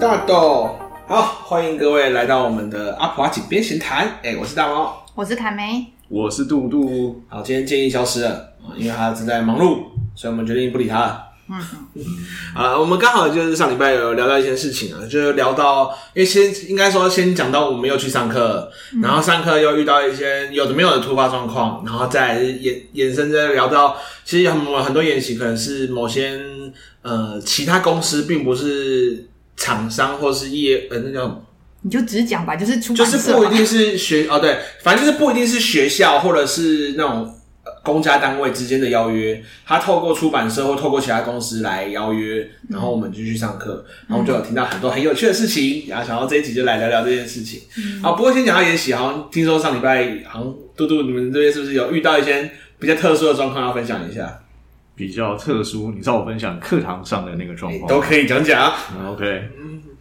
大豆，好，歡迎各位來到我們的阿普蛙井邊閒談。哎，我是大毛，我是凱梅，我是杜杜。好，今天建議消失了，因為他正在忙碌，所以我們決定不理他了。 嗯啊、呃，我們剛好就是上禮拜有聊到一些事情啊，就聊到因為先應該說，先講到我們又去上課，然後上課又遇到一些有的沒有的突發狀況，然後再延延伸再聊到，其實很很多演習可能是某些呃其他公司並不是廠商或是業呃那種，你就直接講吧，就是出，就是不一定是學哦對，反正就是不一定是學校或者是那種，公家單位之間的邀約，他透過出版社或透過其他公司來邀約，然後我們就去上課，然後就有聽到很多很有趣的事情，然後想到這一集就來聊聊這件事情。嗯、好，不過先講到研習，好像聽說上禮拜好像嘟嘟你們這邊是不是有遇到一些比較特殊的狀況要分享一下？比較特殊，你知道我分享課堂上的那個狀況都可以講講。嗯、OK，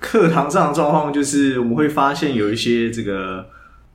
課堂上的狀況就是我們會發現有一些這個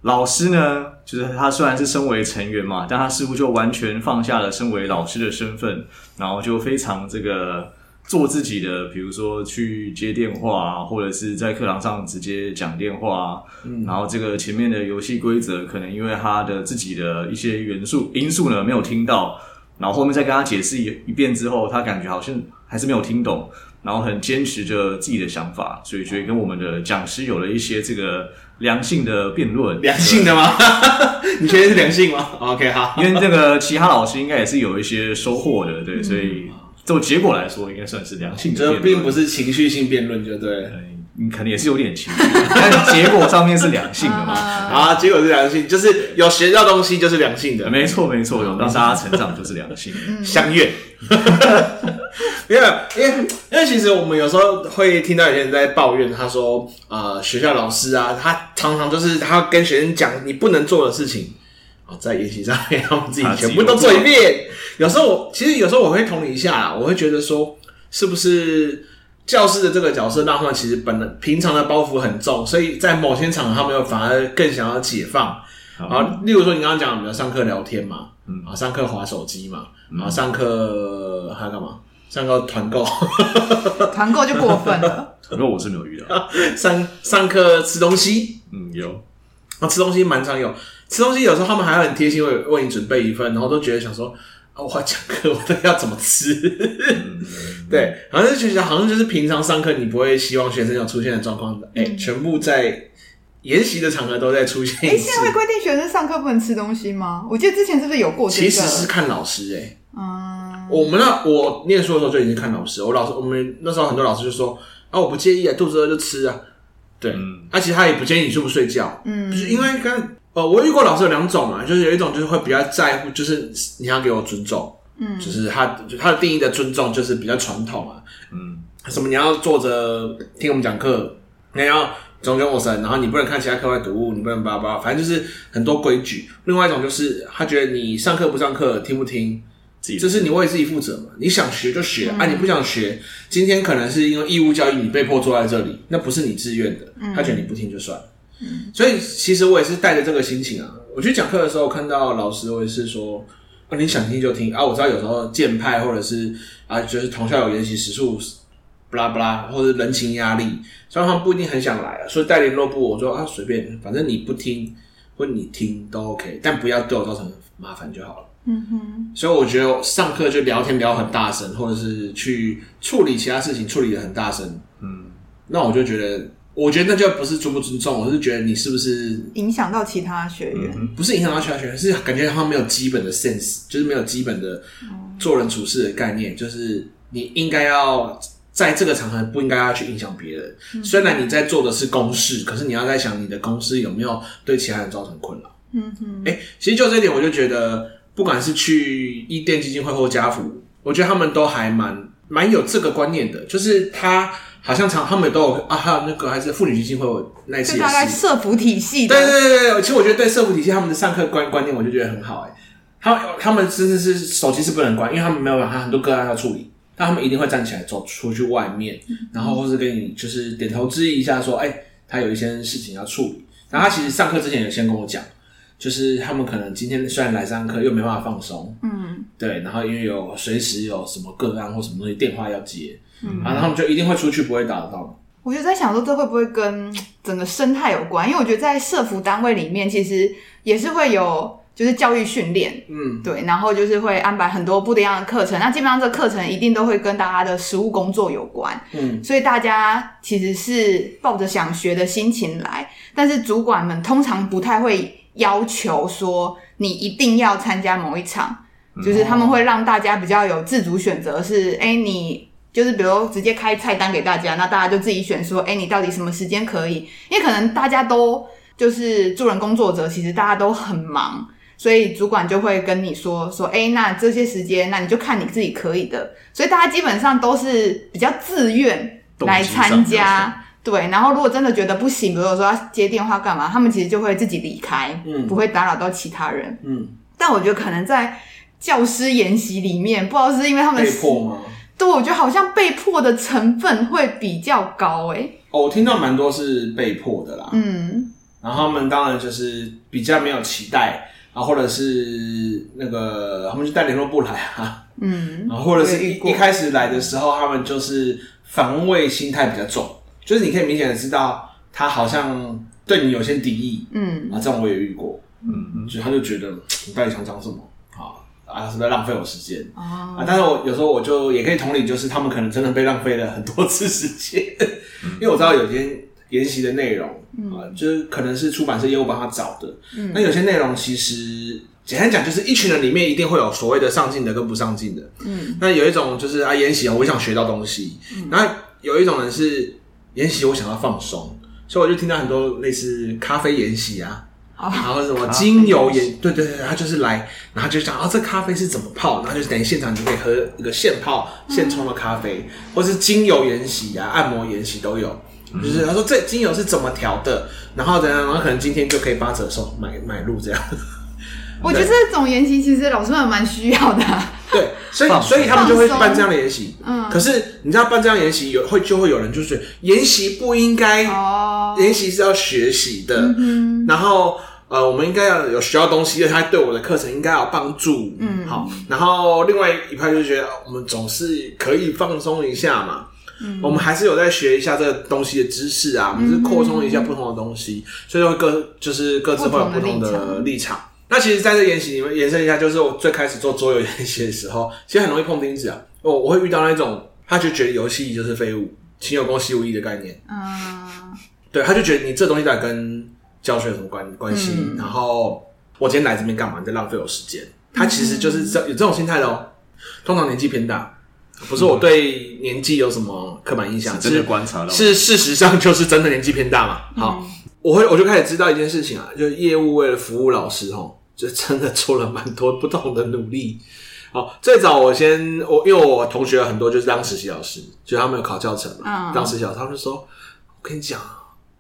老師呢，就是他雖然是身為成員嘛，但他似乎就完全放下了身為老師的身份，然後就非常這個做自己的，比如說去接電話啊，或者是在課堂上直接講電話啊。嗯。然後這個前面的遊戲規則，可能因為他的自己的一些元素、因素呢，沒有聽到，然後後面再跟他解釋一一遍之後，他感覺好像還是沒有聽懂，然後很堅持着自己的想法，所以所以跟我們的講師有了一些這個。良性的辯論，良性的嗎？ 你確定是良性嗎？OK，好， 因為這個其他老師應該也是有一些收穫的，對，嗯，所以就結果來說，應該算是良性的。這並不是情緒性辯論，就對了。對你可能也是有點情緒， 但結果上面是良性的嘛？ 啊， 啊，結果是良性的，就是有學到東西就是良性的，沒錯沒錯，有讓大家成長就是良性的。 相怨， 因為因為因為其實我們有時候會聽到有些人在抱怨，他說呃學校老師啊，他常常就是他跟學生講你不能做的事情，在宴席上面他們自己全部都做一遍。有時候，其實有時候我會同理一下啦，我會覺得說是不是？教師的這個角色讓他們其實本來平常的包袱很重，所以在某些場合他們又反而更想要解放。好例如說你剛剛講，比如上課聊天嘛，啊、嗯，上課滑手機嘛，啊、嗯，上課還幹嘛？上課團購，團購就過分了。團購我是沒有遇到。上上課吃東西，嗯，有啊，吃東西蠻常有。吃東西有時候他們還很貼心為，為為你準備一份，然後都覺得想說。我講課，我都要怎麼吃？ 對，好像就覺得，好像就是平常上課，你不會希望學生有出現的狀況，哎、嗯欸，全部在研習的場合都在出現。哎、欸，現在會規定學生上課不能吃東西嗎？我記得之前是不是有過、這個？其實是看老師哎、欸，嗯，我們那我念書的時候就已經看老師，我老師我們那時候很多老師就說，啊，我不介意啊，肚子餓就吃啊，對，而、嗯啊、其實他也不介意你睡不睡覺，嗯，就是、因為剛。呃，我遇過老師有兩種嘛，就是有一種就是會比較在乎，就是你要給我尊重，嗯，就是他就他的定義的尊重就是比較傳統啊，嗯，什麼你要坐着聽我們講課、嗯，你要總跟我神，然後你不能看其他課外讀物，你不能叭叭，反正就是很多規矩。另外一種就是他覺得你上課不上課聽不聽，這是你為自己負責嘛，你想學就學、嗯，啊你不想學，今天可能是因為義務教育你被迫坐在這裡，嗯、那不是你自願的，他覺得你不聽就算了。嗯嗯嗯、所以其實我也是帶着這個心情啊，我去講課的時候看到老師，我也是說、啊、你想聽就聽啊。我知道有時候劍派或者是啊，就是同校有研習時數，不拉不拉，或者人情壓力，雙方不一定很想來、啊，所以帶聯絡簿我說啊，隨便，反正你不聽或你聽都 OK，但不要對我造成麻煩就好了。嗯哼，所以我覺得上課就聊天聊很大聲，或者是去處理其他事情處理得很大聲，嗯，那我就覺得。我覺得那就不是尊不尊重，我是覺得你是不是影響到其他學員？嗯、不是影響到其他學員，是感覺他們沒有基本的 sense，就是沒有基本的做人處事的概念。嗯、就是你應該要在這個場合不應該要去影響別人，嗯。雖然你在做的是公事，可是你要在想你的公司有沒有對其他人造成困擾。嗯嗯，哎、欸，其實就這一點，我就覺得不管是去伊甸基金會或家福，我覺得他們都還蠻蠻有這個觀念的，就是他。好像常他們都有啊哈，那個還是婦女基金會有那些，大概社福體系的。對對對對，其實我覺得對社福體系他們的上課觀觀念，我就覺得很好哎、欸。他們他們真的是手機是不能關，因為他們沒有辦法，很多個案要處理，但他們一定會站起來走出去外面，嗯、然後或是給你就是點頭示意一,一下說，說、欸、哎，他有一些事情要處理。然後他其實上課之前有先跟我講，就是他們可能今天雖然來上課，又沒辦法放鬆，嗯，對，然後因為有隨時有什麼個案或什麼東西電話要接。嗯、啊，然後就一定會出去，不會打得到。我就在想說，這會不會跟整個生態有關？因為我覺得在社服單位裡面，其實也是會有就是教育訓練，嗯，對，然後就是會安排很多不一樣的課程。那基本上這課程一定都會跟大家的實務工作有關，嗯，所以大家其實是抱着想學的心情來，但是主管們通常不太會要求說你一定要參加某一場、嗯哦，就是他們會讓大家比較有自主選擇，是、欸、哎你。就是比如直接開菜單給大家，那大家就自己選說，哎、欸，你到底什麼時間可以？因為可能大家都就是助人工作者，其實大家都很忙，所以主管就會跟你說說，哎、欸，那這些時間，那你就看你自己可以的。所以大家基本上都是比較自願來參加，對。然後如果真的覺得不行，比如說要接電話幹嘛，他們其實就會自己離開、嗯，不會打擾到其他人。嗯。但我覺得可能在教師研習裡面，不知道是因為他們。對，我覺得好像被迫的成分會比較高哎、欸。哦，我聽到蠻多是被迫的啦。嗯，然後他們當然就是比較沒有期待，然後或者是那個他們就帶聯絡簿來啊。嗯，然後或者是一一開始來的時候，他們就是防衛心態比較重，就是你可以明顯的知道他好像對你有些敵意。嗯，啊，這樣我也遇過。嗯，嗯，所以他就覺得你到底想講什麼？啊，是不是浪費我時間？Oh. 啊，但是我有時候我就也可以同理，就是他們可能真的被浪費了很多次時間， 因為我知道有些研習的內容、mm. 啊，就是可能是出版社業務幫他找的。Mm. 那有些內容其實簡單講，就是一群人裡面一定會有所謂的上進的跟不上進的。嗯、mm.，那有一種就是啊研習啊，研習我也想學到東西。那、mm. 有一種人是研習，研習我想要放鬆，所以我就聽到很多類似咖啡研習啊。然後什麼精油研對對對，他就是來，然後就想啊、哦，這咖啡是怎麼泡，然後就是等於現場你可以喝一個現泡現沖的咖啡、嗯，或是精油研習啊，按摩研習都有、嗯。就是他說這精油是怎麼調的，然後等下然後可能今天就可以八折收買買入這樣。我覺得這種研習其實老師們蠻需要的、啊，對，所以所以他們就會辦這樣的研習。嗯，可是你知道辦這樣的研習有會就會有人就是研習不應該哦，研習是要學習的，嗯。然後。呃，我們應該要有學到東西，因為他對我的課程應該有幫助。嗯，好。然後另外一派就是覺得，我們總是可以放鬆一下嘛。嗯，我們還是有在學一下這個東西的知識啊，嗯、我們是擴充一下不同的東西。嗯、所以就會各就是各自會有不同的立場。立場。那其實在這演習，你們延伸一下，就是我最開始做桌遊演習的時候，其實很容易碰釘子啊。我我會遇到那種，他就覺得遊戲就是廢物，勤有功，戲無益的概念。嗯，對，他就覺得你這東西在跟。教學有什麼關關係？嗯。然後我今天來這邊幹嘛？你在浪費我時間。他其實就是這、嗯、有這種心態的哦。通常年紀偏大，不是我對年紀有什麼刻板印象、嗯，是？是真的觀察了、哦，是事實上就是真的年紀偏大嘛。好，嗯、我會我就開始知道一件事情啊，就是業務為了服務老師哦，就真的做了蠻多不同的努力。好，最早我先我因為我同學很多就是當實習老師，就他們有考教程嘛。嗯、當實習老師他們就說，我跟你講，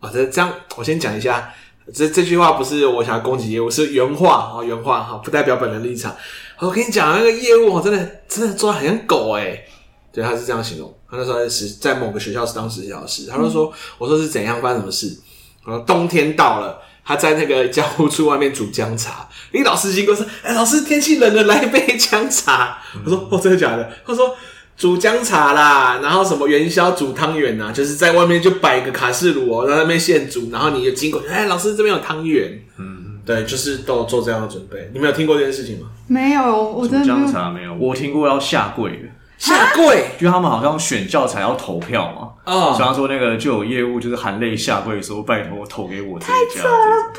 啊，這樣，我先講一下。這這句話不是我想要攻擊業務，是原話啊、哦，原話哈、哦，不代表本人立場。我跟你講，那個業務我真的真的做得很像狗誒、欸、對，他是這樣形容。他那時候是在，在某個學校是當實習老師，他就說說、嗯、我說是怎樣辦什麼事我說？冬天到了，他在那個教務處外面煮薑茶，李老師經過說：“哎、欸，老師，天氣冷了，來一杯薑茶。嗯”我說：“哦，真的假的？”他說。煮薑茶啦，然後什麼元宵煮湯圓吶，就是在外面就擺個卡式爐哦，在那邊現煮，然後你就經過哎、欸，老師這邊有湯圓。”嗯，對，就是都做這樣的準備。你們有聽過這件事情嗎？沒有，我覺得煮薑茶沒有。我聽過要下跪，的下跪，因為他們好像選教材要投票嘛。啊、哦，像他說那個就有業務，就是含淚下跪說：“拜託投給我。”太扯了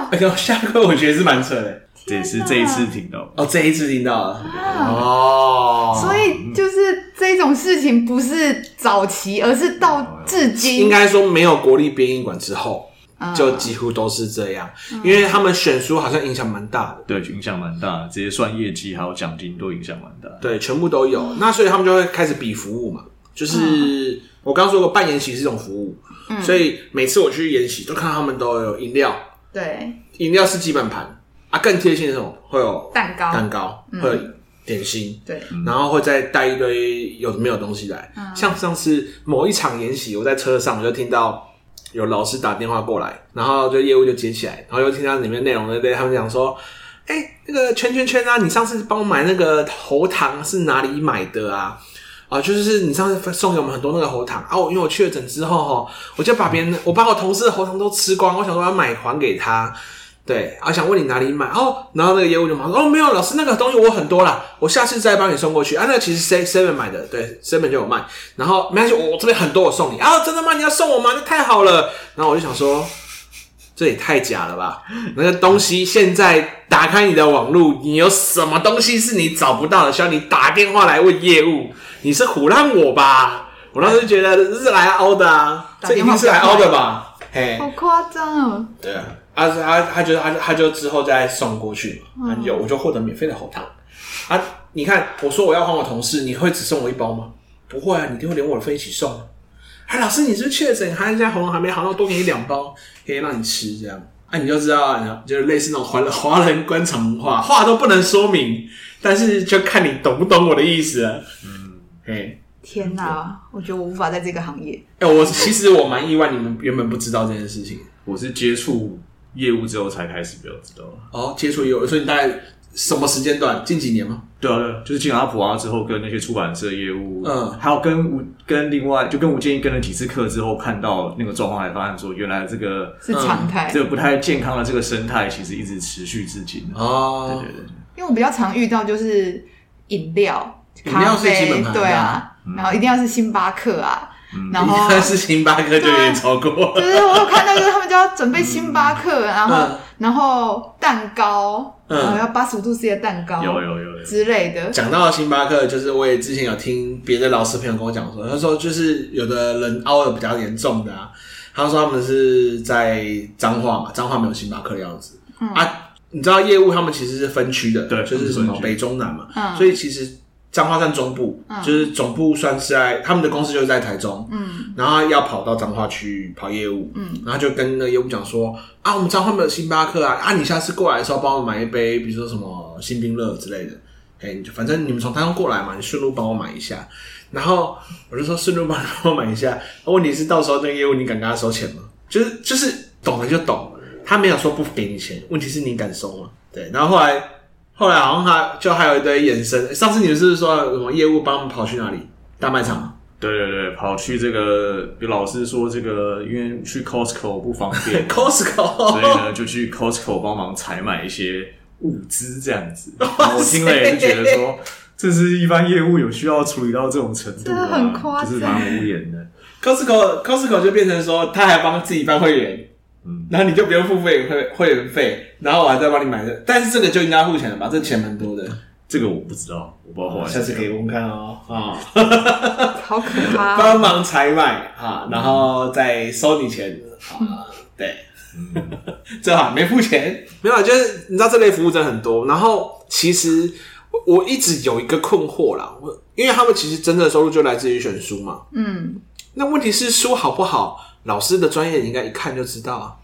吧！哎、欸、呦、哦，下跪我覺得是蠻扯的，啊、也是這一次聽到哦，這一次聽到了、啊、對對對哦，所以。事情不是早期，而是到至今應該說沒有國立編譯館之後、哦，就幾乎都是這樣、嗯。因為他們選書好像影響蠻大的，對，影響蠻大的，直接算業績還有獎金，都影響蠻大。對，全部都有、嗯。那所以他們就會開始比服務嘛，就是、嗯、我剛說過辦研習是一種服務、嗯，所以每次我去研習都看到他們都有飲料，對、嗯，飲料、啊、是基本盤啊。更貼心的是會有蛋糕，蛋糕、嗯、會。點心，對、嗯，然後會再帶一堆有沒有東西來，嗯、像上次某一場演習，我在車上，我就聽到有老師打電話過來，然後就業務就接起來，然後又聽到裡面內容那不他們講說，哎、欸，那個圈圈圈啊，你上次幫我買那個喉糖是哪裡買的啊？啊，就是你上次送給我們很多那個喉糖啊，因為我確診之後齁，我就把別人，我把我同事的喉糖都吃光，我想說我要買還給他。對，啊想問你哪裡買哦，然後那個業務就忙說：「哦，沒有老師，那個東西我很多啦。」我下次再幫你送過去啊。那個、其實 Seven Seven 買的，對，Seven 就有賣。然後沒關係，我、哦、這邊很多，我送你啊！真的嗎？你要送我嗎？那太好了。然後我就想說，這也太假了吧？那個東西現在打開你的網路，你有什麼東西是你找不到的？需要你打電話來問業務？你是唬爛我吧？我當時就覺得這是來凹的啊，這一定是來凹的吧？嘿，hey, 好誇張哦、啊！對啊。啊，他他覺得他就他就，他就之後再送過去嘛，有、嗯、我就獲得免費的喉糖。啊，你看我說我要換我同事，你會只送我一包嗎？不會啊，你就會連我的份一起送、啊。哎，老師，你是確診他現在喉嚨還沒好？那多給你兩包，可以讓你吃這樣。啊，你就知道，你就是類似那種華華人，人官場文化，話都不能說明，但是就看你懂不懂我的意思了。嗯，嘿，天哪、啊，我覺得我無法在這個行業。哎、欸，我其實我蠻意外，你們原本不知道這件事情，我是接觸業務之後才開始，比較知道哦，接觸業務。所以你大概什麼時間段？近幾年嗎？對啊，對，就是進阿普啊之後，跟那些出版社業務，嗯，還有跟跟另外就跟吳建義跟了幾次課之後，看到那個狀況，才發現說原來這個是常態、嗯，這個不太健康的這個生態，其實一直持續至今哦，嗯、對，對對對，因為我比較常遇到就是飲料，飲料是基本款對啊，對啊、嗯，然後一定要是星巴克啊。嗯、然後但是星巴克就有點超過，啊， 就是我有看到，就是他們就要準備星巴克，嗯、然後、嗯、然後蛋糕，嗯，然後要八十五度 C 的蛋糕，有有，有有有，之類的。講到星巴克，就是我也之前有聽別的老師朋友跟我講說，他說就是有的人凹的比較嚴重的啊，他說他們是在彰化嘛，彰化沒有星巴克的樣子、嗯、啊，你知道業務他們其實是分區的，對，就是什麼北中南嘛，嗯、所以其實。彰化站中部、哦，就是總部算是在他們的公司就是在台中，嗯，然後要跑到彰化去跑業務，嗯，然後就跟那個業務講說，啊，我們彰化沒有星巴克啊，啊，你下次過來的時候幫我買一杯，比如說什麼星冰樂之類的，哎，就反正你們從台中過來嘛，你順路幫我買一下。然後我就說順路幫我買一下，啊、問題是到時候那個業務你敢跟他收錢嗎？就是就是懂了就懂，他沒有說不給你錢，問題是你敢收嗎、啊？對，然後後來。後來好像還就還有一堆眼神。上次你們是不是說有什麼業務幫我們跑去哪裡大賣場？對對對，跑去這個。有老師說這個，因為去 Costco 不方便，Costco 所以呢就去 Costco 幫忙採買一些物資這樣子。 然後我聽了也就覺得說，這是一般業務有需要處理到這種程度啊，真的很誇張，就是蠻無言的。 Costco Costco 就變成說，他還幫自己辦會員。嗯，然後你就不用付費會會員費，然後我還再幫你買個，但是這個就應該付錢了吧？這錢蠻多的、嗯。這個我不知道，我不知道我，啊，下次給我們，嗯、 可以問看哦。啊，哈哈哈好可怕！幫忙採買啊，然後再收你錢。嗯啊、對，這、嗯、 好沒付錢，沒有，就是你知道這類服務真的很多。然後其實我一直有一個困惑啦，我因為他們其實真正的收入就來自於選書嘛。嗯，那問題是書好不好？老師的專業應該一看就知道啊，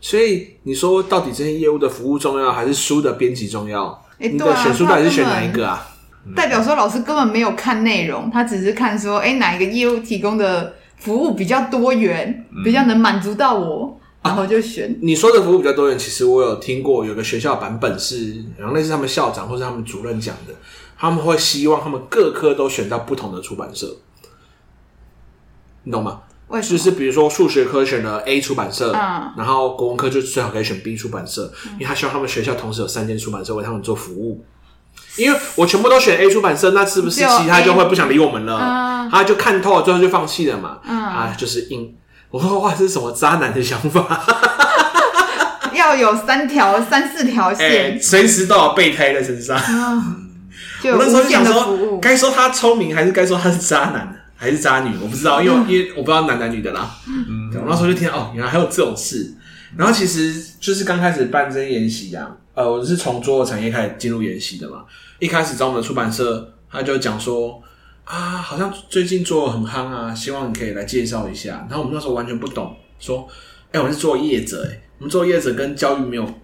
所以你說到底這些業務的服務重要還是書的編輯重要？欸，你的選書到底是選哪一個啊？欸、啊代表說老師根本沒有看內容，他、嗯嗯、只是看說，哎、欸，哪一個業務提供的服務比較多元，嗯、比較能滿足到我，然後就選、啊。你說的服務比較多元，其實我有聽過，有個學校版本是，然後類似他們校長或是他們主任講的，他們會希望他們各科都選到不同的出版社，你懂嗎？就是比如說數學科選了 A 出版社，嗯，然後國文科就最好可以選 B 出版社，嗯，因為他希望他們學校同時有三間出版社為他們做服務。因為我全部都選 A 出版社，那是不是其他就會不想理我們了？他就、嗯啊，就看透了，最後就放棄了嘛，嗯。啊，就是硬我說哇是什麼渣男的想法？ 要有三條、三四條線，隨、欸、時都有備胎在身上。嗯，就我那時候就想說，該說他聰明還是該說他是渣男呢？還是渣女，我不知道，因為因為我不知道男男女的啦。嗯，對，我那時候就聽到哦，原來還有這種事。然後其實就是剛開始辦真研習啊，呃，我是從做產業開始進入研習的嘛。一開始找我們的出版社，他就講說啊，好像最近做得很夯啊，希望你可以來介紹一下。然後我們那時候完全不懂，說，哎、欸，我是做業者、欸，哎，我們做業者跟教育沒有，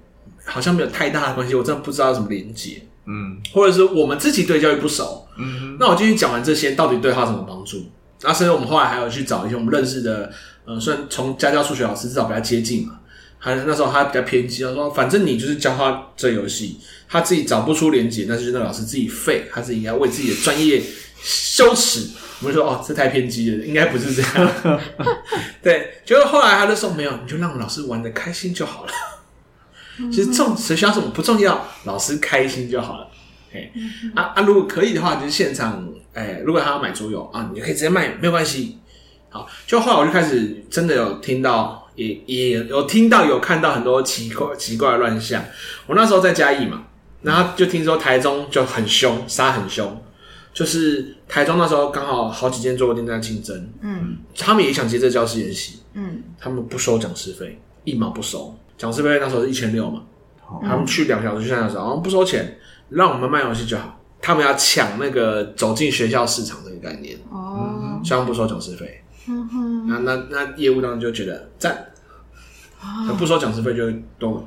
好像沒有太大的關係，我真的不知道怎麼連接，嗯，或者是我們自己對教育不熟。嗯哼，那我繼續講完這些，到底對他什麼幫助？啊，所以我們後來還有去找一些我們認識的，嗯、呃，算從家教數學老師至少比較接近嘛。還那時候他比較偏激，他說：“反正你就是教他這遊戲，他自己找不出連結，但是覺得老師自己廢，他是應該為自己的專業羞恥。”我們就說：“哦，這太偏激了，應該不是這樣。 ”對，結果後來他就說：“沒有，你就讓老師玩得開心就好了。嗯、其實重誰需要什麼不重要，老師開心就好了。”啊、 哎、啊！如果可以的話，就是現場，哎，如果他要買桌遊啊，你就可以直接賣，沒有關係。好，就後來我就開始真的有聽到，也也有聽到，有看到很多奇怪奇怪的亂象。我那時候在嘉義嘛，然後就聽說台中就很凶，殺很凶，就是台中那時候剛好好幾間桌遊店在競爭嗯，嗯，他們也想接這教師研習。嗯，他們不收講師費，一毛不收，講師費那時候是一千六嘛好、嗯，他們去兩小時，去三小時，啊，不收錢。讓我們賣遊戲就好，他們要搶那個走進學校市場這個概念哦，像、oh. 嗯、不收講師費、oh.，那那那業務當中就覺得讚，oh. 不收講師費就都，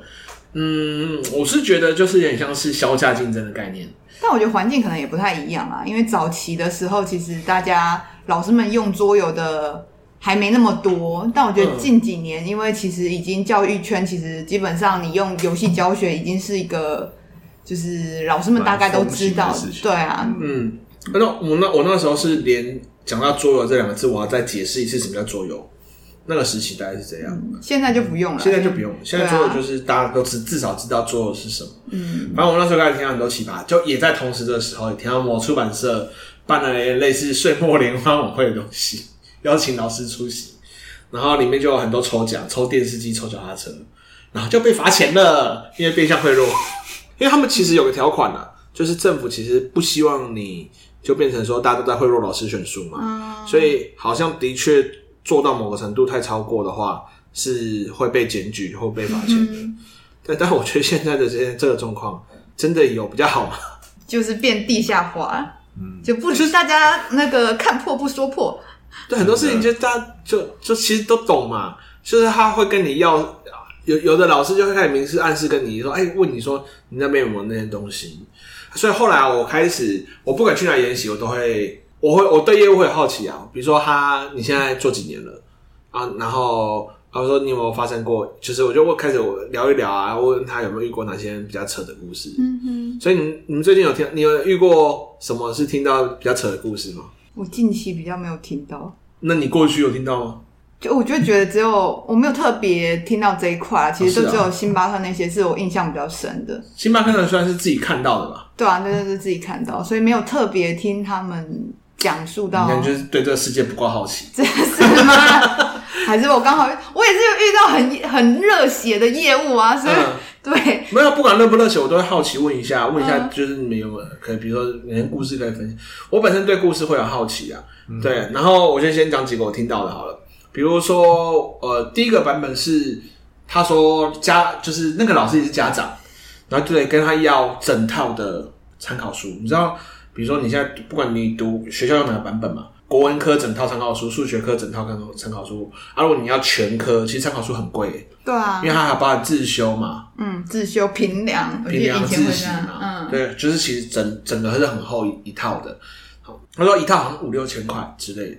嗯，我是覺得就是有點像是削價競爭的概念，但我覺得環境可能也不太一樣啊，因為早期的時候其實大家老師們用桌遊的還沒那麼多，但我覺得近幾年、嗯、因為其實已經教育圈其實基本上你用遊戲教學已經是一個。就是老師們大概都知道，對啊，嗯，那我那我那時候是連講到桌遊這兩個字，我要再解釋一次什麼叫桌遊。那個時期大概是這樣、嗯現，現在就不用了，現在就不用，現在桌遊就是大家都、啊、至少知道桌遊是什麼。嗯，反正我那時候剛才聽到很多奇葩，就也在同時的時候，也聽到某出版社辦了類、類、類似歲末聯歡晚會的東西，邀請老師出席，然後裡面就有很多抽獎，抽電視機、抽腳踏車，然後就被罰錢了，因為變相賄賂。因為他們其實有個條款的、啊嗯，就是政府其實不希望你就變成說大家都在賄賂老師選書嘛、嗯，所以好像的確做到某個程度太超過的話，是會被檢舉或被罰錢、嗯。但但我覺得現在的這這個狀況真的有比較好嗎？就是變地下化，嗯，就不如大家那個看破不說破。就是、對很多事情，就大家就就其實都懂嘛，就是他會跟你要。有有的老師就會開始明示暗示跟你說，哎，問你說你那邊有沒有那些東西，所以後來啊，我開始我不管去哪研習，我都會，我會我對業務會很好奇啊，比如說他你現在做幾年了啊，然後他說你有沒有發生過，其實我就會開始聊一聊啊，我問他有沒有遇過哪些比較扯的故事，嗯嗯，所以你你們最近有聽，你有遇過什麼是聽到比較扯的故事嗎？我近期比較沒有聽到，那你過去有聽到嗎？就我就覺得只有我沒有特別聽到這一塊啦，其實就只有星巴克那些是我印象比較深的。哦啊、星巴克的雖然是自己看到的吧，對啊，對、就、對是自己看到，所以沒有特別聽他們講述到。嗯、你就是對這個世界不夠好奇，這是嗎？ 還是我剛好我也是遇到很很熱血的業務啊，所以、嗯、對沒有不管熱不熱血，我都會好奇問一下，問一下就是你們有沒有、嗯、可以比如說連故事可以分享？我本身對故事會有好奇啊，對，嗯、然後我就先講幾個我聽到的好了。比如說，呃，第一個版本是他說家就是那個老師也是家長，然後就得跟他要整套的參考書。你知道，比如說你現在不管你讀學校有哪個版本嘛，國文科整套參考書，數學科整套參考參考書。啊，如果你要全科，其實參考書很貴。對啊，因為他還要包含自修嘛。嗯，自修評量、評量、自習嘛，嗯，對，就是其實整整個還是很厚一,一套的。好，他說一套好像五六千塊之類的。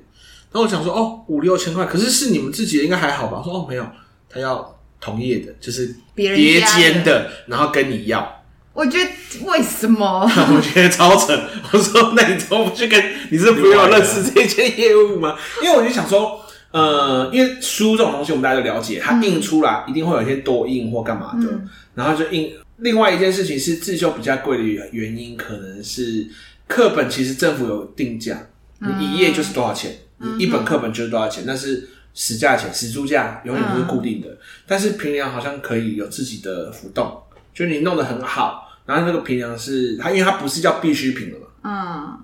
然後我想說，哦，五六千塊，可是是你們自己的，應該還好吧？我說，哦，沒有，他要同業的，就是別人間的，然後跟你要。我覺得為什麼？我覺得超扯。我說，那你怎麼不去跟？你是不要認識這些業務嗎？因為我就想說，呃，因為書這種東西，我們大家都了解，它印出來、嗯、一定會有一些多印或幹嘛的，嗯、然後就印。另外一件事情是，自修比較貴的原因，可能是課本其實政府有定價，你一頁就是多少錢。嗯一本課本就是多少錢？但是實價錢、實出價，永遠都是固定的、嗯。但是評量好像可以有自己的浮動，就你弄得很好，然後那個評量是它，因為它不是叫必需品了嘛，嗯，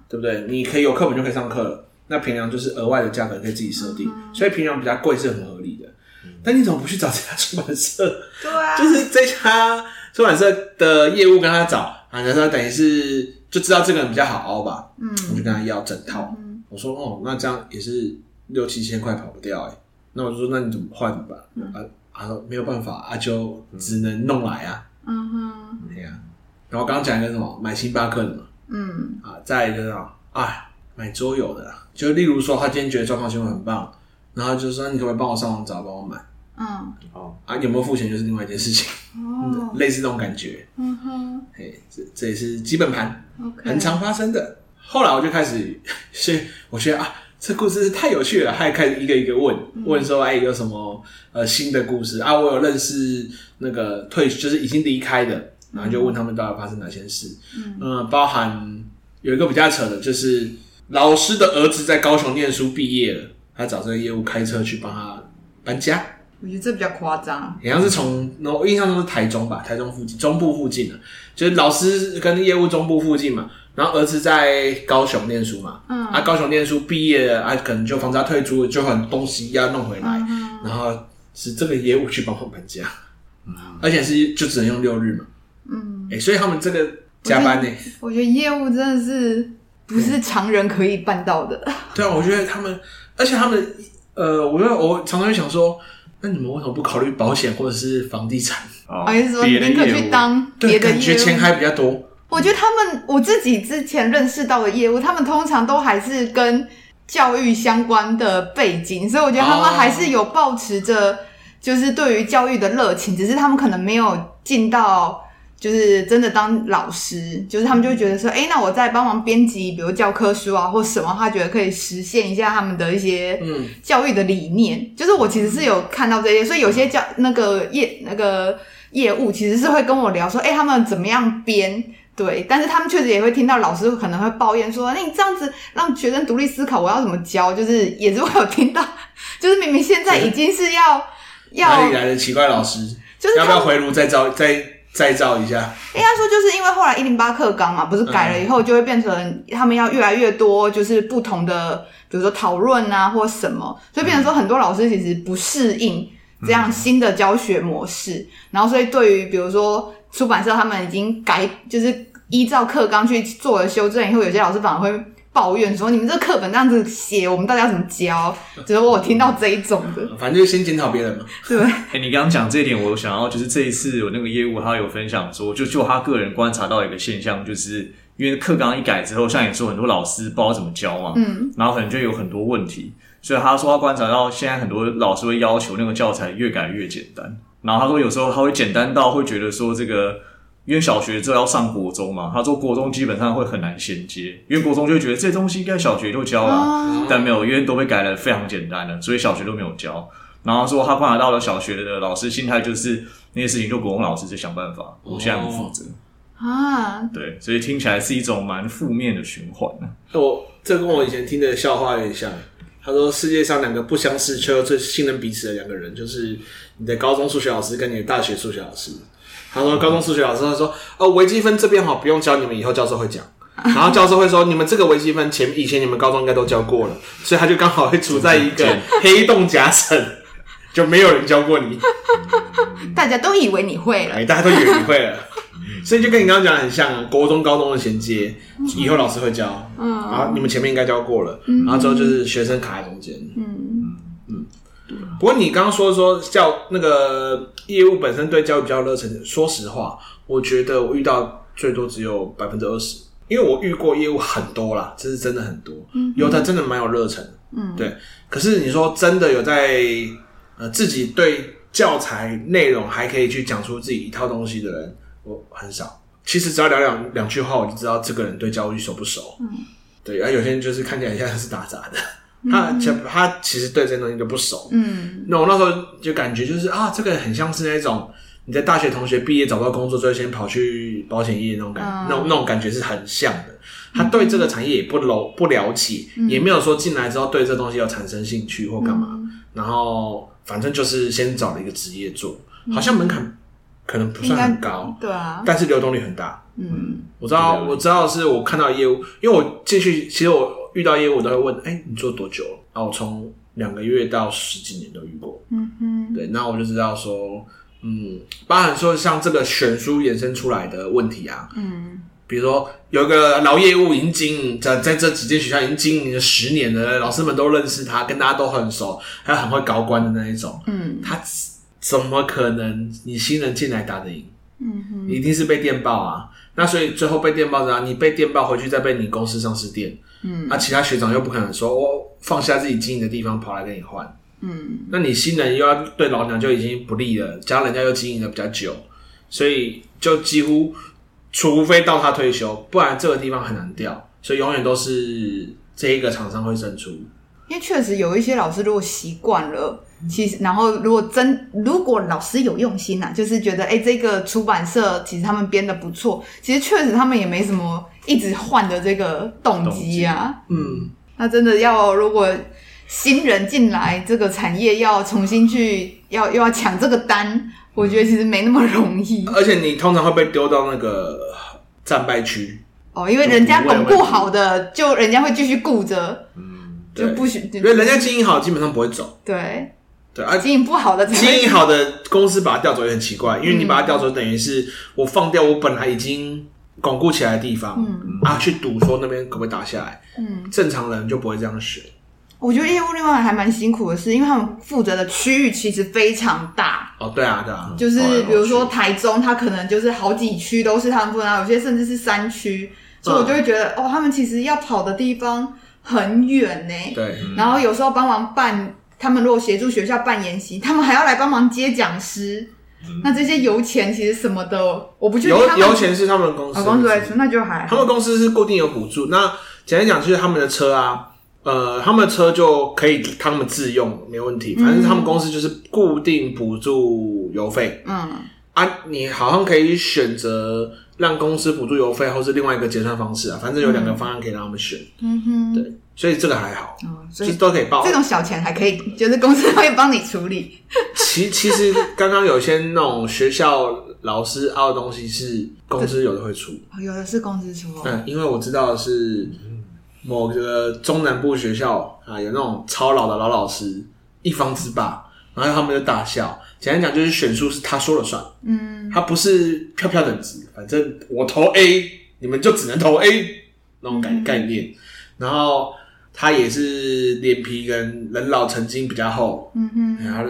對不對？你可以有課本就可以上課了，那評量就是額外的價格可以自己設定、嗯，所以評量比較貴是很合理的、嗯。但你怎麼不去找這家出版社？對啊，就是這家出版社的業務跟他找，反正他等於是就知道這個人比較好凹吧，嗯，我就跟他要整套。我說哦，那這樣也是六七千塊跑不掉哎，那我就說那你怎麼換吧、嗯？啊，他說沒有辦法，啊就只能弄來啊。嗯哼，對呀、啊。然後剛剛講一個什麼買星巴克的嘛，嗯啊，再一個啊、哎，買桌遊的啦，就例如說他今天覺得狀況新聞很棒，然後就說、啊、你可不可以幫我上網找幫我買？嗯，哦啊，有沒有付錢就是另外一件事情嗯、哦、類似那種感覺。嗯哼，這這也是基本盤，Okay. 很常發生的。後來我就開始，先我覺得啊，這故事太有趣了，他還開始一個一個問，嗯、問說，哎、欸，有什麼呃新的故事啊？我有認識那個退，就是已經離開的，然後就問他們到底發生哪些事嗯。嗯，包含有一個比較扯的，就是老師的兒子在高雄念書畢業了，他找這個業務開車去幫他搬家。我覺得這比較誇張。好像是從我印象中是台中吧，台中附近，中部附近的，就是老師跟業務中部附近嘛。然後兒子在高雄念書嘛，嗯、啊，高雄念書畢業了啊，可能就房子要退租，就很東西要弄回來。嗯、然後是這個業務去幫我們搬家，嗯，而且是就只能用六日嘛，嗯，欸、所以他們這個加班呢，我覺得業務真的是不是常人可以辦到的。對啊，我覺得他們，而且他們，呃，我我常常會想說，那你們為什麼不考慮保險或者是房地產，還是說別的業務，你可以去當？對，感覺錢還比較多。我覺得他們我自己之前認識到的業務，他們通常都還是跟教育相關的背景，所以我覺得他們還是有抱持著就是對於教育的熱情，只是他們可能沒有盡到就是真的當老師，就是他們就覺得說，哎、欸，那我在幫忙編輯，比如教科書啊或什麼，他覺得可以實現一下他們的一些嗯教育的理念。就是我其實是有看到這些，所以有些教那個業那個業務其實是會跟我聊說，哎、欸，他們怎麼樣編。對，但是他們確實也會聽到老師可能會抱怨說：“那你這樣子讓學生獨立思考，我要怎麼教？”就是也是會有聽到，就是明明現在已經是要對要哪裡來的奇怪老師？就是他要不要回爐再造、再再造一下？應該說，就是因為後來一零八課綱嘛，不是改了以後就會變成他們要越來越多，就是不同的，比如說討論啊或什麼，所以變成說很多老師其實不適應這樣新的教學模式，嗯、然後所以對於比如說。出版社他們已經改，就是依照課綱去做了修正。以後有些老師反而會抱怨說：“你們這課本這樣子寫，我們到底要怎麼教？”就是我聽到這一種的。反正就先檢討別人嘛。對。哎、欸，你剛剛講這一點，我想要就是這一次有那個業務，他有分享說，就就他個人觀察到一個現象，就是因為課綱一改之後，像你說很多老師不知道怎麼教嘛，嗯，然後可能就有很多問題。所以他說他觀察到現在很多老師會要求那個教材越改越簡單。然後他說，有時候他會簡單到會覺得說，這個因為小學之後要上國中嘛，他說國中基本上會很難銜接，因為國中就會覺得這東西應該小學就教了，啊哦，但沒有，因為都被改了，非常簡單的，所以小學都沒有教。然後他說他觀察到了小學的老師心態就是那些事情就國中老師在想辦法，我現在不負責啊，哦。對，所以聽起來是一種蠻負面的循環。我，哦、這跟我以前聽的笑話有點像。他說：“世界上兩個不相識卻又最信任彼此的兩個人，就是你的高中數學老師跟你的大學數學老師。”他說：“高中數學老師他說，呃、嗯，哦、微積分這邊好，不用教你們，以後教授會講。然後教授會說， 你們這個微積分前以前你們高中應該都教過了，所以他就剛好會處在一個黑洞夾層， 就沒有人教過你， 大家都以為你會了，大家都以為你會了。”所以就跟你剛剛講的很像啊，國中高中的銜接，Okay. 以後老師會教，Oh. 然後你們前面應該教過了，嗯、mm -hmm.，然後之後就是學生卡在中間。Mm -hmm. 嗯嗯嗯。不過你剛剛說說教那個業務本身對教育比較熱忱，說實話，我覺得我遇到最多只有百分之二十，因為我遇過業務很多啦，這是真的很多。嗯、mm -hmm.，有的真的蠻有熱忱。嗯、mm -hmm.，對。可是你說真的有在呃自己對教材內容還可以去講出自己一套東西的人？我很少，其實只要聊兩兩句話，我就知道這個人對教育熟不熟。嗯，對，而、啊、有些人就是看起來像是打雜的，他、嗯、其他其實對這些東西就不熟。嗯，那我那時候就感覺就是啊，這個很像是那種你在大學同學畢業找不到工作，就先跑去保險業的那種感，啊、那種那種感覺是很像的。他對這個產業也不了不了解，嗯，也沒有說進來之後對這東西有產生興趣或幹嘛，嗯。然後反正就是先找了一個職業做，好像門檻，嗯。嗯可能不算很高，對啊，但是流動率很大。嗯。嗯，我知道，我知道，是我看到業務，因為我進去，其實我遇到業務我都會問，哎，你做多久了？啊，我從兩個月到十幾年都遇過。嗯嗯，對，那我就知道說，嗯，包含說像這個選書衍生出來的問題啊，嗯，比如說有一個老業務，已經在在這幾間學校已經經營了十年了，老師們都認識他，跟大家都很熟，還很會高官的那一種，嗯，他。怎麼可能？你新人進來打得贏？嗯，一定是被電報啊。那所以最後被電報的啊，你被電報回去再被你公司上司電。嗯，那其他學長又不可能說，我放下自己經營的地方跑來跟你換。嗯，那你新人又要對老娘就已經不利了，加上人家又經營的比較久，所以就幾乎除非到他退休，不然這個地方很難掉。所以永遠都是這一個廠商會勝出。因為確實有一些老師如果習慣了。其實，然後如果真如果老師有用心啊，就是覺得哎、欸，這個出版社其實他們編的不錯。其實確實他們也沒什麼一直換的這個動機啊。動機，嗯，那真的要如果新人進來、嗯、這個產業，要重新去要又要搶這個單、嗯，我覺得其實沒那麼容易。而且你通常會被丟到那個戰敗區哦，因為人家鞏固好的，就人家會繼續顧着，嗯，對就不許因為人家經營好，基本上不會走。對。對啊，經營不好的，經營好的公司把它調走也很奇怪，因為你把它調走，等於是、嗯、我放掉我本來已經鞏固起來的地方，嗯、啊，去賭說那邊可不可以打下來？嗯，正常人就不會這樣選。我覺得業務另外還蠻辛苦的是，因為他們負責的區域其實非常大。嗯、哦，對啊，對啊，就是、哦哎、比如說台中，他可能就是好幾區都是他們負責，有些甚至是山區，所以我就會覺得、嗯、哦，他們其實要跑的地方很遠呢。對、嗯，然後有時候幫忙辦。他們如果協助學校辦研習，他們還要來幫忙接講師、嗯，那這些油錢其實什麼的，我不去。油油錢是他們公司是是。公司在出，那就還。他們公司是固定有補助，那簡單講就是他們的車啊，呃，他們的車就可以他們自用，沒問題，反正他們公司就是固定補助油費。嗯啊，你好像可以選擇。讓公司補助油費，或是另外一個結算方式啊，反正有兩個方案可以讓他們選嗯。嗯哼，對，所以這個還好，哦、所以其實都可以報。這種小錢還可以，就是公司會幫你處理。其 其實剛剛有些那種學校老師熬、啊、的東西是公司有的會出，有的是公司出。嗯，因為我知道的是、嗯、某個中南部學校啊，有那種超老的老老師一方之霸、嗯，然後他們就大笑，簡單講就是選書是他說了算。嗯。他不是票票等級，反正我投 A，你們就只能投 A 那種概概念、嗯。然後他也是臉皮跟人老成精比較厚。嗯嗯，然後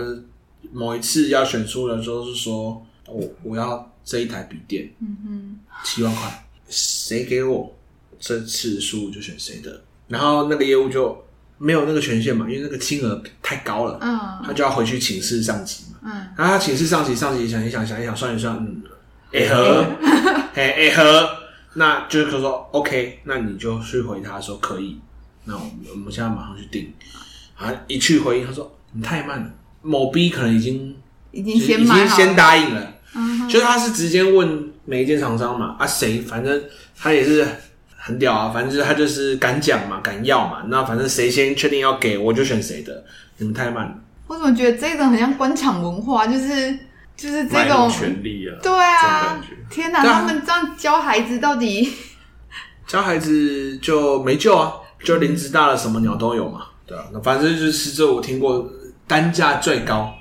某一次要選書的時候，是說我我要這一台筆電，嗯嗯七萬塊，誰給我這次書就選誰的。然後那個業務就。沒有那個權限嘛，因為那個金額太高了，嗯，他就要回去請示上級嘛，嗯，然後他請示上級，上級想一想，想一想，算一算，嗯，哎和哎哎和那就是說，OK，那你就去回他說可以，那我們我們現在馬上去訂，啊一去回應，他說你太慢了，某 B 可能已經已經先已經先答應了，嗯哼，就他是直接問每一間廠商嘛，啊誰，反正他也是。很屌啊，反正就是他就是敢講嘛，敢要嘛。那反正誰先確定要給，我就選誰的。你們，嗯，太慢了。我怎麼覺得這種很像官場文化，就是就是這種權利啊？對啊，天哪、啊！他們這樣教孩子到底教孩子就沒救啊？就林子大了，什麼鳥都有嘛。對啊，那反正就是這我聽過單價最高，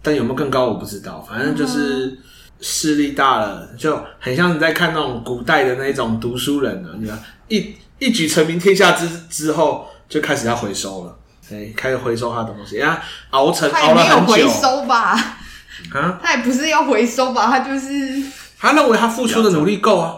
但有沒有更高我不知道。反正就是。嗯勢力大了，就很像你在看那種古代的那種讀書人啊，你看一一舉成名天下之之後，就開始要回收了，哎，開始回收他的東西，啊熬成，熬了好久，回收吧，啊，他也不是要回收吧，他就是他認為他付出的努力夠啊，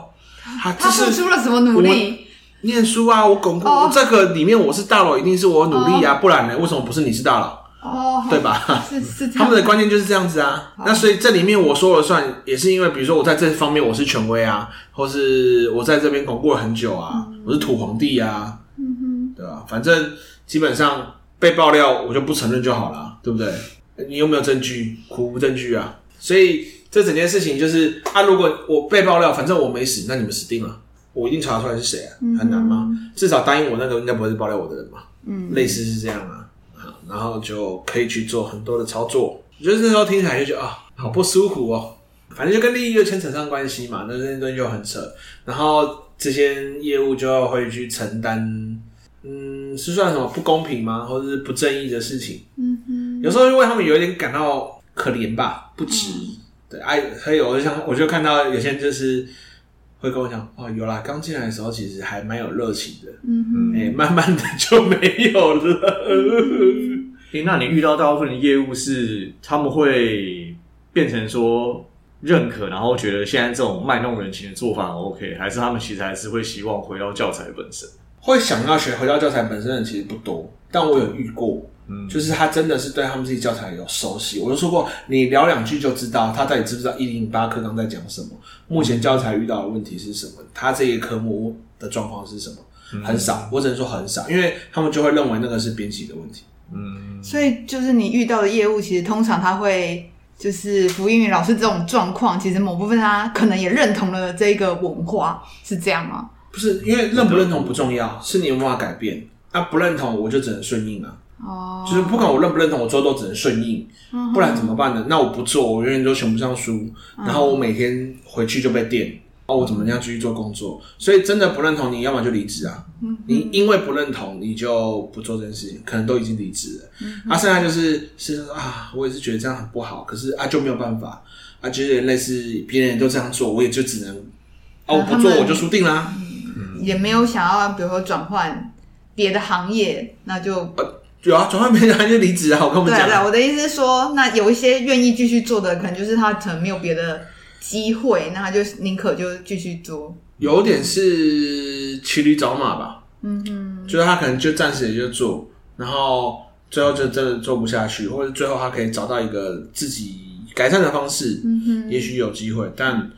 他他付出了什麼努力？啊、念書啊，我鞏固、oh. 我這個裡面我是大佬，一定是我努力啊，oh. 不然呢，為什麼不是你是大佬？哦，對吧？是是這樣、啊，他們的觀念就是這樣子啊。那所以這裡面我說了算，也是因為，比如說我在這方面我是權威啊，或是我在這邊鞏固了很久啊、嗯，我是土皇帝啊，嗯哼，對吧？反正基本上被爆料，我就不承認就好了，對不對？你有沒有證據？苦無證據啊。所以這整件事情就是，啊，如果我被爆料，反正我沒死，那你們死定了。我一定查出來是誰啊嗯嗯？很難嗎？至少答應我那個應該不會是爆料我的人嘛。嗯，嗯，類似是這樣啊。然後就可以去做很多的操作，就是那時候聽起來就覺得啊、哦，好不舒服哦。反正就跟利益又牽扯上關係嘛，那那頓就很扯。然後這些業務就要會去承擔，嗯，是算什麼不公平嗎？或者是不正義的事情？嗯嗯。有時候因為他們有一點感到可憐吧，不值、嗯。對，哎、啊，還有像我就看到有些人就是會跟我講，哦，有啦，剛進來的時候其實還蠻有熱情的，嗯嗯，哎、欸，慢慢的就沒有了。嗯誒、欸，那你遇到大部分的業務是他們會變成說認可，然後覺得現在這種賣弄人情的做法 OK，還是他們其實還是會希望回到教材本身？會想要學回到教材本身的人其實不多，但我有遇過，嗯，就是他真的是對他們自己教材有熟悉。我就說過，你聊兩句就知道他到底知不知道一零八課綱在講什麼，目前教材遇到的問題是什麼，他這些科目的狀況是什麼？很少，我只能說很少，因為他們就會認為那個是編輯的問題。嗯，所以就是你遇到的業務，其實通常他會就是服英語老師這種狀況，其實某部分他可能也認同了這個文化，是這樣嗎？不是，因為認不認同不重要，是你有沒有辦法改變。啊，不認同我就只能順應啊。哦，就是不管我認不認同，我做都只能順應。嗯，不然怎麼辦呢？那我不做，我永遠都選不上書，然後我每天回去就被電。嗯。哦，我怎麼樣繼續做工作？所以真的不認同，你要麼就離職啊。嗯、你因為不認同，你就不做這件事情，可能都已經離職了。嗯，啊，現在就是是說啊，我也是覺得這樣很不好，可是啊就沒有辦法。啊，覺、就、得、是、類似別人都這樣做、嗯，我也就只能啊，我不做我就輸定了、啊。也沒有想要，比如說轉換別的行業，那就呃、啊、有啊，轉換別的行業離職啊。我跟我們講，對，對，對，我的意思是說，那有一些願意繼續做的，可能就是他可能沒有別的。機會，那他就寧可就繼續做，有點是騎驢找馬吧，嗯嗯，就是他可能就暫時也就做，然後最後就真的做不下去，或者最後他可以找到一個自己改善的方式，嗯，也許有機會，但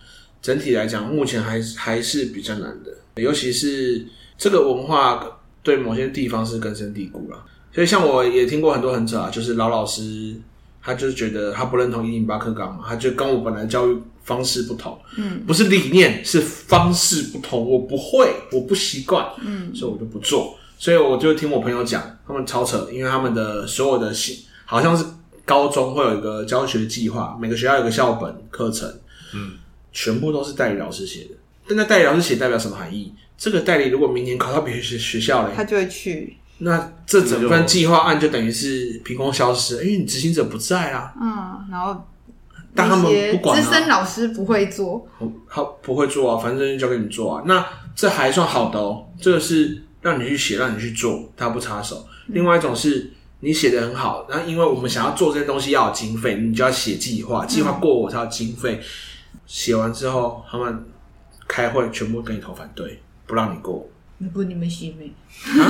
整體來講，目前還是還是比較難的，尤其是這個文化對某些地方是根深蒂固了，所以像我也聽過很多很扯，就是老老師，他就是覺得他不認同108課綱嘛，他就跟我本來教育。方式不同，嗯，不是理念，是方式不同。我不會，我不習慣，嗯，所以我就不做。所以我就聽我朋友講，他們超扯，因為他們的所有的好像是高中會有一個教學計劃，每個學校有一個校本課程，嗯，全部都是代理老師寫的。但在代理老師寫代表什麼含義？這個代理如果明年考到別的學學校了，他就會去。那這整份計劃案就等於是憑空消失，嗯，因為你執行者不在啦。嗯，然後。但他們不管，資深老師不會做，好，不會做啊，反正就給你做啊。那這還算好的哦，這個是讓你去寫，讓你去做，他不插手。另外一種是你寫的很好，那因為我們想要做這些東西要有經費，你就要寫計劃，計劃過我才有經費。嗯、寫完之後，他們開會全部跟你投反對，不讓你過。那不你們寫沒、啊？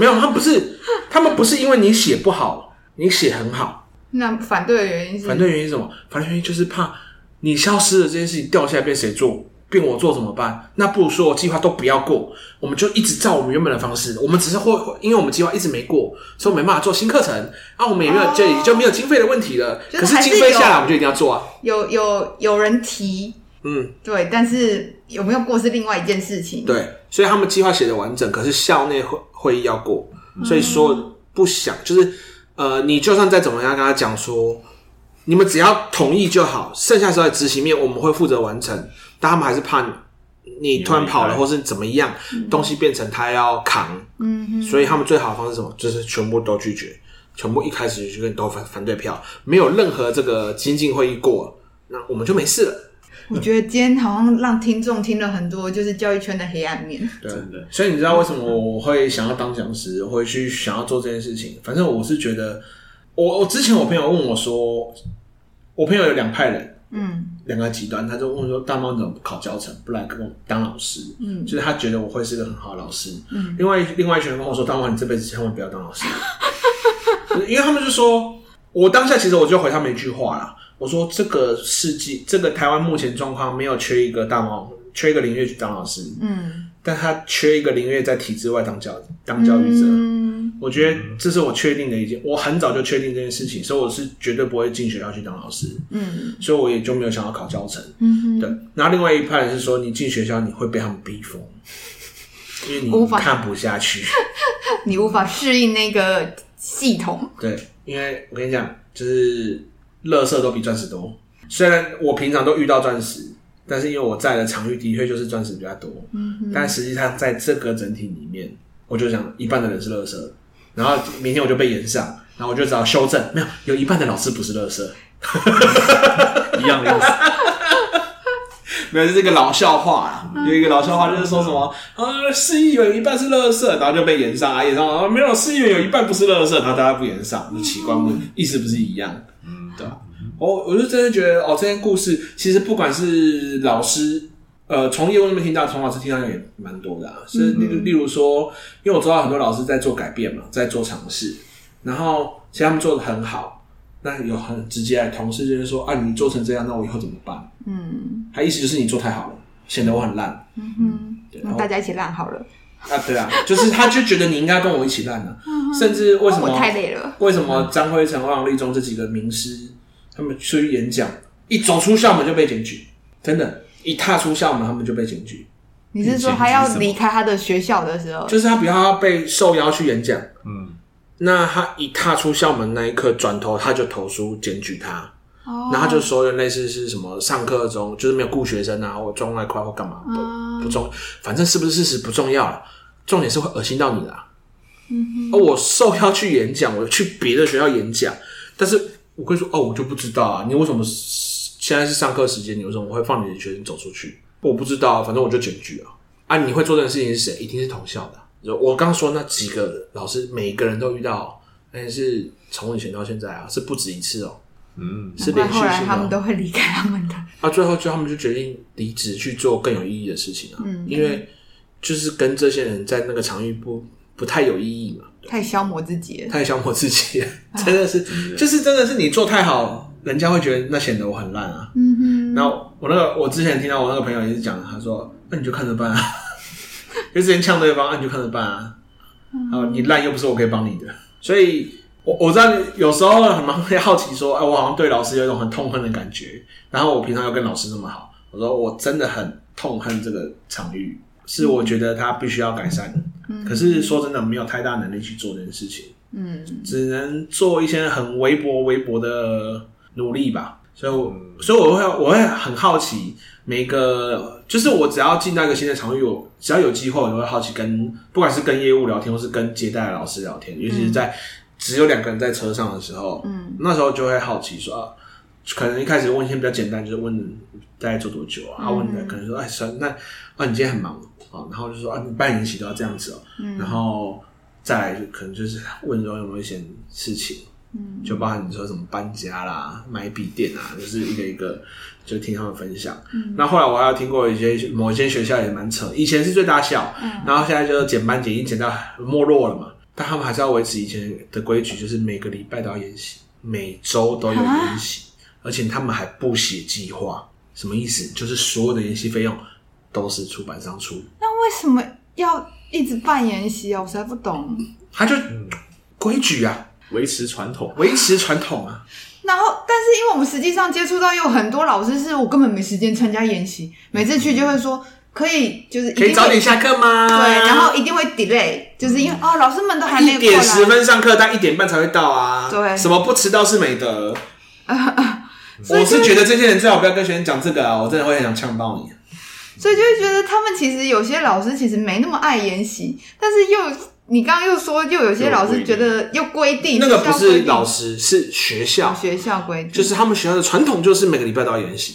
沒有，他們不是，他們不是因為你寫不好，你寫很好。那反對的原因是？反對原因是什麼？反對原因就是怕你消失了，這件事情掉下來，被誰做？被我做怎麼辦？那不如說，我計劃都不要過，我們就一直照我們原本的方式。我們只是會，因為我們計劃一直沒過，所以我們沒辦法做新課程。那、啊、我們也沒有，哦、就就沒有經費的問題了。就是、是可是經費下來，我們就一定要做啊。有有有人提，嗯，對，但是有沒有過是另外一件事情。對，所以他們計劃寫得完整，可是校內會會議要過，所以說不想、嗯、就是。呃，你就算再怎麼樣跟他講說，你們只要同意就好，剩下時候在執行面我們會負責完成。但他們還是怕你突然跑了或是怎麼樣，東西變成他要扛，嗯，所以他們最好的方式是什麼？就是全部都拒絕，全部一開始就跟都反反對票，沒有任何這個經濟會議過，那我們就沒事了。我覺得今天好像讓聽眾聽了很多，就是教育圈的黑暗面。對，對，對，所以你知道為什麼我會想要當講師，我會去想要做這件事情？反正我是覺得，我我之前我朋友問我說，我朋友有兩派人，嗯，兩個極端，他就問我說，大貓怎麼考教程？不然跟我當老師？嗯，就是他覺得我會是一個很好的老師。嗯，另外一另外一群人跟我說，大貓你這輩子千萬不要當老師， 因為他們就說，我當下其實我就回他們一句話啦。我說這個世紀，這個台灣目前狀況沒有缺一個大毛，缺一個林月去當老師。嗯，但他缺一個林月在體制外當教，當教育者。嗯，我覺得這是我確定的一件，我很早就確定這件事情，所以我是絕對不會進學校去當老師。嗯，所以我也就沒有想要考教程。嗯，對。那另外一派是說，你進學校你會被他們逼瘋，因為你看不下去，無 你無法適應那個系統。對，因為我跟你講，就是。垃圾都比鑽石多，雖然我平常都遇到鑽石，但是因為我在的場域的確就是鑽石比較多。嗯，但實際上在這個整體裡面，我就想一半的人是垃圾，然後明天我就被炎上，然後我就只好修正，沒有，有一半的老師不是垃圾， 一樣的意思。 沒有，這、就是一個老笑話啊！有一個老笑話就是說什麼啊，市議員，有一半是垃圾，然後就被炎上，然、啊、後、啊、沒有市議員，有一半不是垃圾，然後大家不炎上，就奇怪不、嗯？意思不是一樣？對我、嗯哦，我就真的覺得哦，這件故事其實不管是老師，呃，從業務那邊聽到，從老師聽到也蠻多的啊。是、嗯、例例如說，因為我知道很多老師在做改變嘛，在做嘗試，然後其實他們做得很好，那有很直接的同事就是說啊，你做成這樣，那我以後怎麼辦？嗯，他意思就是你做太好了，顯得我很爛。嗯哼，那、嗯嗯、大家一起爛好了。 啊，對啊，就是他就覺得你應該跟我一起爛了、啊 嗯。甚至為什麼、哦、我太累了？為什麼張輝誠、歐陽立中，這幾個名師，嗯、他們出去演講，一走出校門就被檢舉，真的，一踏出校門他們就被檢舉。你是說他要離開他的學校的時候，就是他比較要被受邀去演講？嗯，那他一踏出校門那一刻，轉頭他就投書檢舉他。然後就所有的類似是什麼上課中就是沒有顧學生啊，或賺外快或幹嘛不不重要，反正是不是事實不重要了，重點是會噁心到你啊。嗯嗯哦，我受邀去演講，我去別的學校演講，但是我可以說哦，我就不知道、啊、你為什麼現在是上課時間，你為什麼會放你的學生走出去？不我不知道，反正我就檢舉啊啊！你會做這件事情是誰？一定是同校的。我剛說那幾個老師，每一個人都遇到，但、哎、是從以前到現在啊，是不止一次哦。嗯，是連續性的。他們都會離開、嗯、開他們的。啊，最後最後他們就決定離職去做更有意義的事情啊、嗯嗯，因為就是跟這些人在那個場域不不太有意義嘛，太消磨自己，太消磨自己，磨自己、啊，真的是，就是真的是你做太好，人家會覺得那顯得我很爛啊。嗯，然後我那個，我之前聽到我那個朋友也是講，他說：“那、啊、你就看着辦啊， 就之前嗆對方，那你就看着辦啊。啊，你爛、啊嗯啊、又不是我可以幫你的，所以。”我我知道你有時候很會好奇說，哎、啊，我好像對老師有一種很痛恨的感覺。然後我平常又跟老師這麼好，我說我真的很痛恨這個場域，是我覺得他必須要改善。嗯，可是說真的，沒有太大能力去做這件事情。嗯，只能做一些很微薄、微薄的努力吧。所以我，所以我會，我會很好奇每，每個就是我只要進到一個新的場域，我只要有機會，我就會好奇跟不管是跟業務聊天，或是跟接待的老師聊天，尤其是在。嗯只有兩個人在車上的時候，嗯，那時候就會好奇說、啊，可能一開始問一些比較簡單，就是問大概做多久啊？嗯、問的可能說，哎，算那啊，你今天很忙啊，然後就說，啊，你半年期都要這樣子哦、喔嗯。然後再來就可能就是問說有沒有一些事情，嗯，就包括你說什麼搬家啦、買筆電啊，就是一個一個就聽他們分享。嗯，那後，後來我還有聽過一些某一些學校也蠻扯，以前是最大校，嗯，然後現在就減班減一減到沒落了嘛。但他們還是要維持以前的規矩，就是每個禮拜都要研習，每周都有研習，啊，而且他們還不寫計劃。什麼意思？就是所有的研習費用都是出版商出的。那為什麼要一直辦研習啊？我實在不懂。他就，嗯、規矩啊，維持傳統，維持傳統啊。然後，但是因為我們實際上接觸到有很多老師，是我根本沒時間參加研習，每次去就會說。可以，就是一定可以早點下課嗎？對，然後一定會 delay，、嗯、就是因為哦，老師們都還沒有到，一點十分上課，但一點半才會到啊。對，什麼不遲到是美德 ？我是覺得這些人最好不要跟學生講這個啊，我真的會很想嗆到你、啊。所以就會覺得他們其實有些老師其實沒那麼愛研習，但是又你剛剛又說又有些老師覺得又規定,定那個不是老師，是學校、嗯、學校規定，就是他們學校的傳統就是每個禮拜都要研習。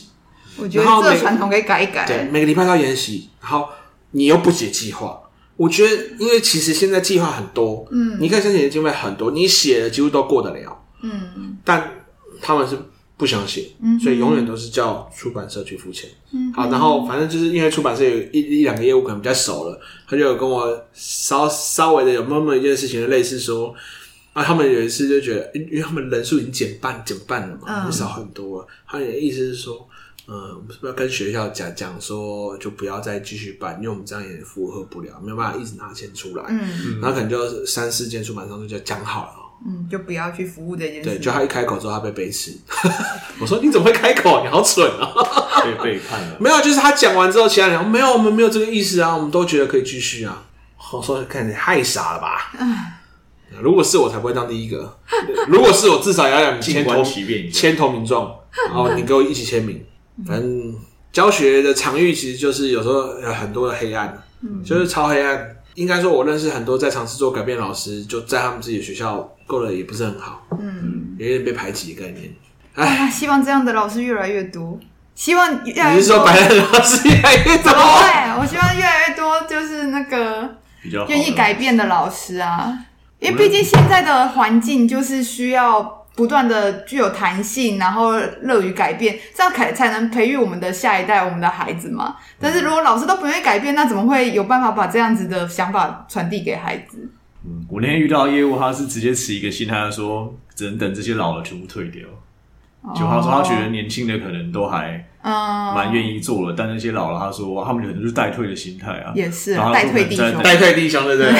然後這傳統給改一改，對，每個禮拜都要研習，然後你又不寫計劃。我覺得，因為其實現在計劃很多，嗯，你可以申請的經費很多，你寫的幾乎都過得了，嗯嗯。但他們是不想寫，嗯，所以永遠都是叫出版社去付錢，嗯好，然後反正就是因為出版社有一一兩個業務可能比較熟了，他就有跟我稍稍微的有那麼一件事情，類似說啊，他們有一次就覺得，因為他們人數已經減半，減半了嘛，很少很多了。嗯、他你的意思是說。嗯，我們是不是要跟學校講講，講說就不要再繼續辦，因為我們這樣也負荷不了，沒有辦法一直拿錢出來。嗯，然後可能就三四件出版上就講好了，嗯，就不要去服務這件事。對，就他一開口之後，他被背刺。 我說你怎麼會開口啊？你好蠢啊！被背叛了？沒有，就是他講完之後，其他人說沒有，我們沒有這個意思啊，我們都覺得可以繼續啊。我說看你太傻了吧？嗯， 如果是我，才不會當第一個。 如果是我，至少要讓你簽投簽投名狀，然後你給我一起簽名。 反、嗯、正教學的場域其實就是有時候有很多的黑暗，嗯，就是超黑暗。應該說，我認識很多在嘗試做改變老師，就在他們自己的學校過得也不是很好，嗯，有點被排擠的概念。哎、啊，希望這樣的老師越來越多。希望越來越多，你是說白天的老師越來越多？對，我希望越來越多，就是那個比較願意改變的老師啊，師啊，因為畢竟現在的環境就是需要。不斷的具有彈性，然後樂於改變，這樣才能培育我們的下一代，我們的孩子嘛。但是如果老師都不願意改變，那怎麼會有辦法把這樣子的想法傳遞給孩子？嗯，我那天遇到的業務，他是直接持一個心態的說，只能等這些老的全部退掉，就、oh. 他說他覺得年輕的可能都還。啊，蠻願意做了，但那些老了，他說，哇，他們很多是待退的心態啊，也是待退弟兄，待退弟兄，對不對？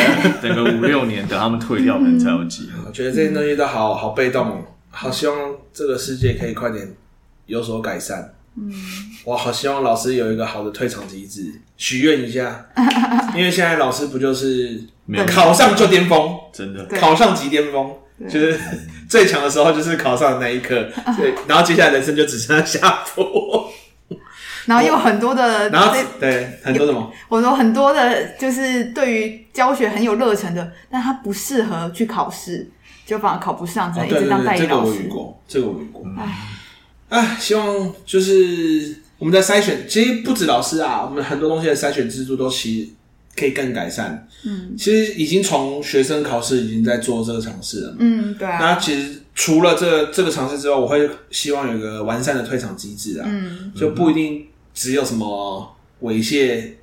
等個五六年，等他們退掉，可能才有機會。我覺得這些東西都好好被動，好希望這個世界可以快點有所改善。嗯，我好希望老師有一個好的退場機制，許願一下， 因為現在老師不就是 沒有考上就巔峰，真的考上即巔峰，就是最強的時候就是考上的那一刻，對，然後接下來人生就只剩下下坡。然後有很多的，然後對很多什麼？我說很多的，就是對於教學很有熱忱的，但他不適合去考試，就反而考不上，這樣一直當代課老師。哦，這個嗯、這個我遇過，這個我遇過。哎，希望就是我們在篩選，其實不止老師啊，我們很多東西的篩選制度都其實可以更改善。嗯，其實已經從學生考試已經在做這個嘗試了。嗯，對啊。那其實除了這個、這個嘗試之外，我會希望有一個完善的退場機制啊，就、嗯、不一定。只有什麼猥褻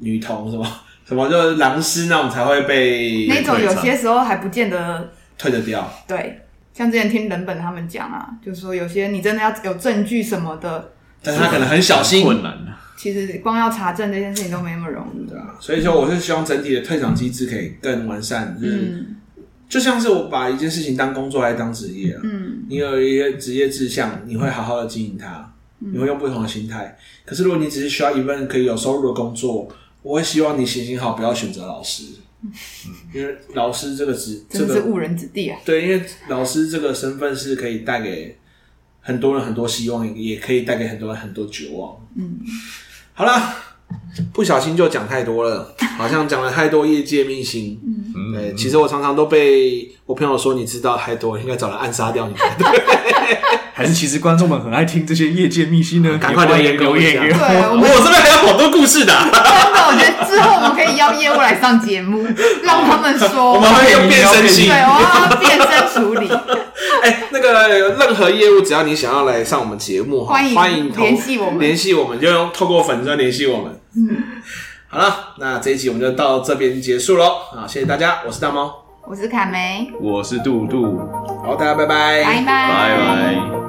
女童什麼什麼，就是狼師那種才會被那種有些時候還不見得退得掉。對，像之前聽人本他們講啊，就是說有些你真的要有證據什麼的，但是他可能很小心、啊很困難，其實光要查證這件事情都沒那麼容易。對啊，所以說我是希望整體的退場機制可以更完善。嗯，就像是我把一件事情當工作來當職業、啊，嗯，你有一些職業志向，你會好好的經營它。你會用不同的心態，嗯，可是如果你只是需要一份可以有收入的工作，我會希望你行行好，不要選擇老師，嗯，因為老師這個職，這個是誤人子弟啊。對，因為老師這個身份是可以帶給很多人很多希望，也可以帶給很多人很多絕望。嗯，好啦，不小心就講太多了，好像講了太多業界秘辛。嗯，對，其實我常常都被我朋友說，你知道太多，應該找人暗殺掉你。對，嗯 還是其實觀眾們很愛聽這些業界秘辛呢，趕快留言留言對。對，我、哦、我這邊還有好多故事的，真的，我覺得之後我們可以邀業務來上節目， 讓他們說。 我們會用變聲器對， 對，我要變聲處理。哎、 欸，那個任何業務，只要你想要來上我們節目，歡迎歡迎聯繫我們，聯繫我們就用透過粉絲來聯繫我們。嗯， 好了，那這一集我們就到這邊結束嘍。啊，謝謝大家，我是大貓，我是卡梅，我是杜杜，好，大家拜拜，拜拜，拜拜。拜拜。